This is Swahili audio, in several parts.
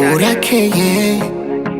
urakeye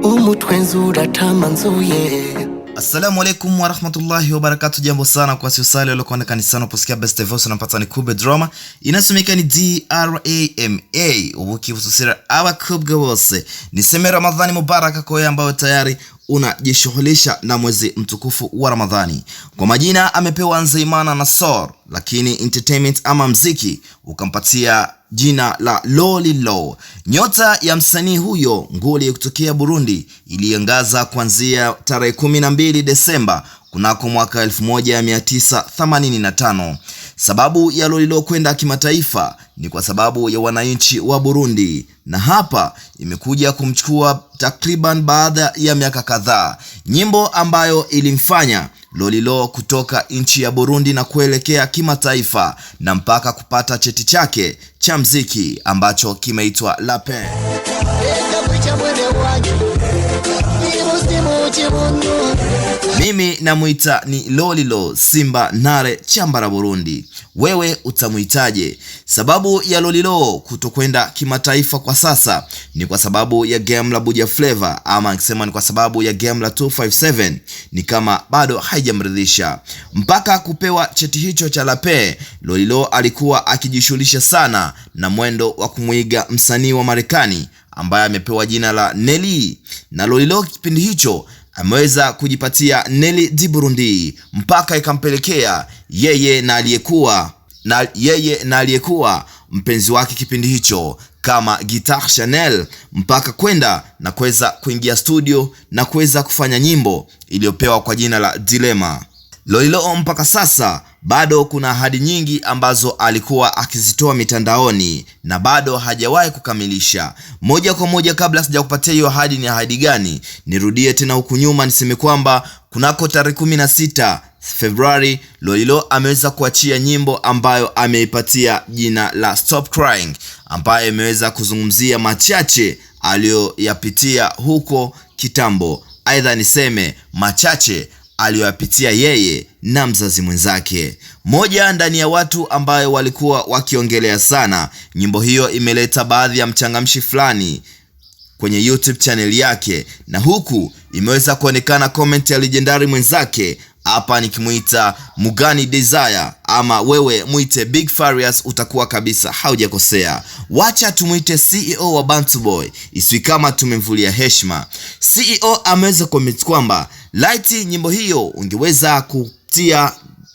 umutwe nzuratama nzuye Assalamu alaikum warahmatullahi wabarakatu, jambo sana kwa sio sale waliokuwa kanisani uposikia best voice unapata ni Kube Drama inasomeka ni D R A M A ukihususira awa Kube Gawose. Niseme Ramadhani Mubaraka kwa wewe ambayo tayari unajishughulisha na mwezi mtukufu wa Ramadhani. Kwa majina amepewa Nzeimana Sor, lakini entertainment ama mziki ukampatia jina la Lolilo. Nyota ya msanii huyo nguli kutokea Burundi iliangaza kuanzia tarehe 12 Desemba kunako mwaka 1985. Sababu ya Lolilo kwenda kimataifa ni kwa sababu ya wananchi wa Burundi, na hapa imekuja kumchukua takriban baada ya miaka kadhaa, nyimbo ambayo ilimfanya Lolilo kutoka nchi ya Burundi na kuelekea kimataifa na mpaka kupata cheti chake cha mziki ambacho kimeitwa lapin mimi namwita ni Lolilo Simba nare Chambara Burundi, wewe utamwitaje? Sababu ya Lolilo kutokwenda kimataifa kwa sasa ni kwa sababu ya game la Buja Flavor, ama akisema ni kwa sababu ya game la 257 ni kama bado haijamridhisha. Mpaka kupewa cheti hicho cha lape, Lolilo alikuwa akijishughulisha sana na mwendo wa kumwiga msanii wa Marekani ambaye amepewa jina la Nelly na Lolilo. Kipindi hicho ameweza kujipatia Nelly di Burundi mpaka ikampelekea yeye na aliyekuwa na yeye na aliyekuwa mpenzi wake kipindi hicho kama Guitar Chanel mpaka kwenda na kuweza kuingia studio na kuweza kufanya nyimbo iliyopewa kwa jina la Dilema. Lolilo mpaka sasa bado kuna ahadi nyingi ambazo alikuwa akizitoa mitandaoni na bado hajawahi kukamilisha. Moja kwa moja, kabla sijakupatia hiyo ahadi ni ahadi gani, nirudie tena huku nyuma niseme kwamba kunako tarehe kumi na sita Februari Lolilo ameweza kuachia nyimbo ambayo ameipatia jina la Stop Crying, ambayo imeweza kuzungumzia machache aliyoyapitia huko kitambo. Aidha niseme machache aliyoyapitia yeye na mzazi mwenzake. Moja ndani ya watu ambayo walikuwa wakiongelea sana nyimbo hiyo, imeleta baadhi ya mchangamshi fulani kwenye YouTube channel yake, na huku imeweza kuonekana comment ya legendary mwenzake hapa nikimwita Mugani Desire ama wewe mwite Big Farious, utakuwa kabisa haujakosea. Wacha tumwite CEO wa Bantu Boy, isiwi kama tumemvulia heshima. CEO ameweza comment kwamba Laiti nyimbo hiyo ungeweza kutia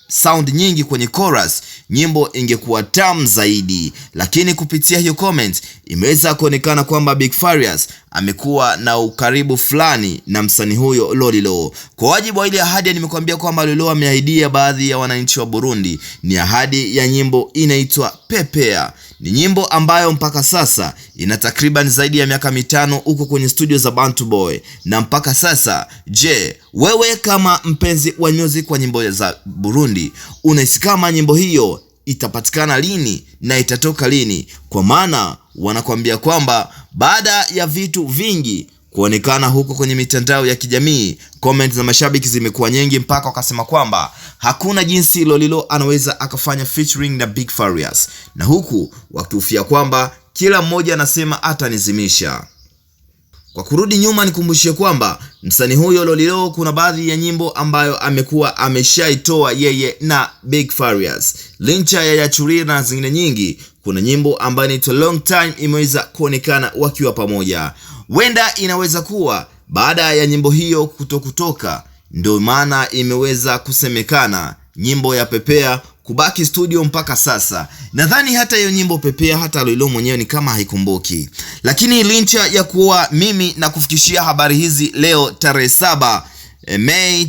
sound nyingi kwenye chorus nyimbo ingekuwa tamu zaidi, lakini kupitia hiyo comment imeweza kuonekana kwamba Big Farious amekuwa na ukaribu fulani na msanii huyo Lolilo. Kwa wajibu wa ile ahadi, nimekuambia kwamba Lolilo ameahidia baadhi ya wananchi wa Burundi, ni ahadi ya nyimbo inaitwa Pepea. Ni nyimbo ambayo mpaka sasa ina takriban zaidi ya miaka mitano huko kwenye studio za Bantu Boy, na mpaka sasa, je, wewe kama mpenzi wa music kwa nyimbo za Burundi unahisi kama nyimbo hiyo itapatikana lini na itatoka lini, kwa maana wanakuambia kwamba baada ya vitu vingi kuonekana huko kwenye mitandao ya kijamii, comment za mashabiki zimekuwa nyingi, mpaka wakasema kwamba hakuna jinsi Lolilo anaweza akafanya featuring na Big Farious, na huku wakihofia kwamba kila mmoja anasema atanizimisha. Kwa kurudi nyuma, nikumbushie kwamba msanii huyo Lolilo kuna baadhi ya nyimbo ambayo amekuwa ameshaitoa yeye na Big Farious, Lincha ya Yachuria na zingine nyingi. Kuna nyimbo ambayo inaitwa Long Time imeweza kuonekana wakiwa pamoja. Wenda inaweza kuwa baada ya nyimbo hiyo kuto kutoka, ndio maana imeweza kusemekana nyimbo ya Pepea kubaki studio mpaka sasa. Nadhani hata hiyo nyimbo Pepea hata Lilo mwenyewe ni kama haikumbuki, lakini lincha ya kuwa mimi na kufikishia habari hizi leo tarehe saba eh, Mei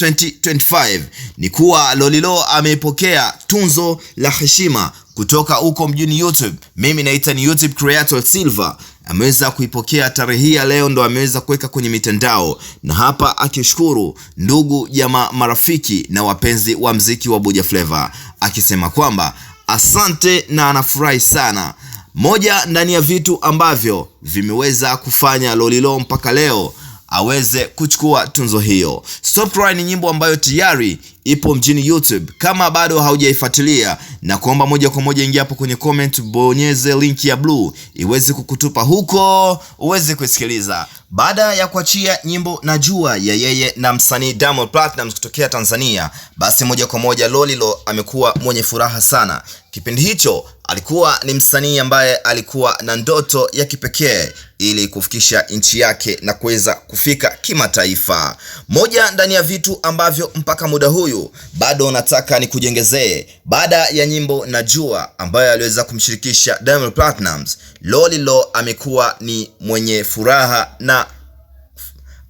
2025 ni kuwa Lolilo amepokea tunzo la heshima kutoka huko mjini YouTube. Mimi naita ni YouTube Creator Silver ameweza kuipokea tarehe hii ya leo, ndo ameweza kuweka kwenye mitandao, na hapa akishukuru ndugu jamaa, marafiki na wapenzi wa mziki wa buja Flava, akisema kwamba asante na anafurahi sana. Moja ndani ya vitu ambavyo vimeweza kufanya Lolilo mpaka leo aweze kuchukua tunzo hiyo. Stop ni nyimbo ambayo tayari ipo mjini YouTube. Kama bado haujaifuatilia, na kuomba moja kwa moja ingia hapo kwenye comment, bonyeze link ya blue iweze kukutupa huko uweze kusikiliza. Baada ya kuachia nyimbo na jua ya yeye na msanii Diamond Platnumz kutokea Tanzania, basi moja kwa moja Lolilo amekuwa mwenye furaha sana. Kipindi hicho alikuwa ni msanii ambaye alikuwa na ndoto ya kipekee ili kufikisha nchi yake na kuweza kufika kimataifa. Moja ndani ya vitu ambavyo mpaka muda huyu bado nataka kujengezee baada ya nyimbo na jua ambayo aliweza kumshirikisha Diamond Platnumz, Lolilo amekuwa ni mwenye furaha na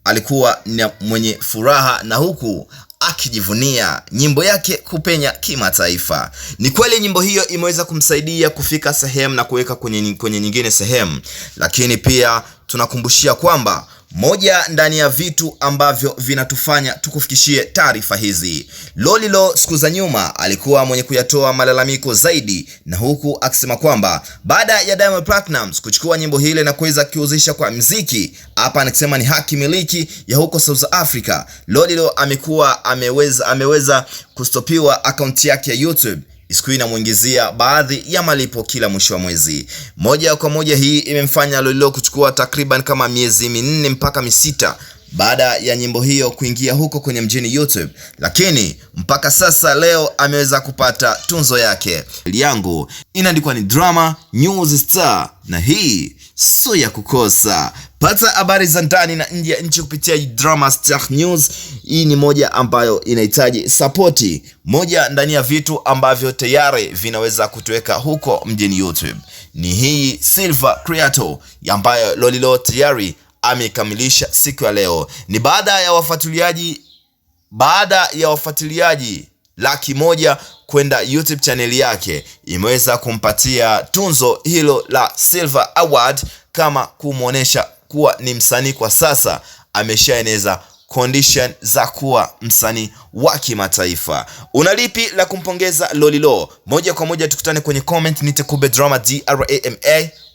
alikuwa ni mwenye furaha na huku akijivunia nyimbo yake kupenya kimataifa. Ni kweli nyimbo hiyo imeweza kumsaidia kufika sehemu na kuweka kwenye, kwenye nyingine sehemu, lakini pia tunakumbushia kwamba moja ndani ya vitu ambavyo vinatufanya tukufikishie taarifa hizi. Lolilo siku za nyuma alikuwa mwenye kuyatoa malalamiko zaidi, na huku akisema kwamba baada ya Diamond Platnumz kuchukua nyimbo hile na kuweza kiuzisha kwa mziki, hapa anasema ni haki miliki ya huko South Africa, Lolilo amekuwa ameweza ameweza kustopiwa akaunti yake ya YouTube siku inamwingizia baadhi ya malipo kila mwisho wa mwezi. Moja kwa moja, hii imemfanya Lolilo kuchukua takriban kama miezi minne mpaka misita baada ya nyimbo hiyo kuingia huko kwenye mjini YouTube, lakini mpaka sasa leo ameweza kupata tunzo yake. Yangu inaandikwa ni Drama News Star, na hii sio ya kukosa. Pata habari za ndani na nje ya nchi kupitia Drama Star News. Hii ni moja ambayo inahitaji sapoti, moja ndani ya vitu ambavyo tayari vinaweza kutuweka huko mjini YouTube ni hii Silver Creator ambayo Lolilo tayari amekamilisha siku ya leo, ni baada ya wafuatiliaji baada ya wafuatiliaji laki moja kwenda YouTube chaneli yake imeweza kumpatia tunzo hilo la Silver Award kama kumwonyesha kuwa ni msanii kwa sasa ameshaeneza condition za kuwa msanii wa kimataifa. Una lipi la kumpongeza Lolilo? Moja kwa moja tukutane kwenye comment nitekube drama drama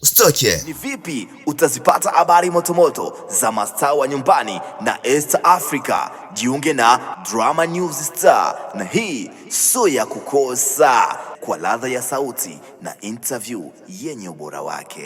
Usitoke. Ni vipi utazipata habari motomoto za mastaa wa nyumbani na East Africa? Jiunge na Drama News Star, na hii sio ya kukosa, kwa ladha ya sauti na interview yenye ubora wake.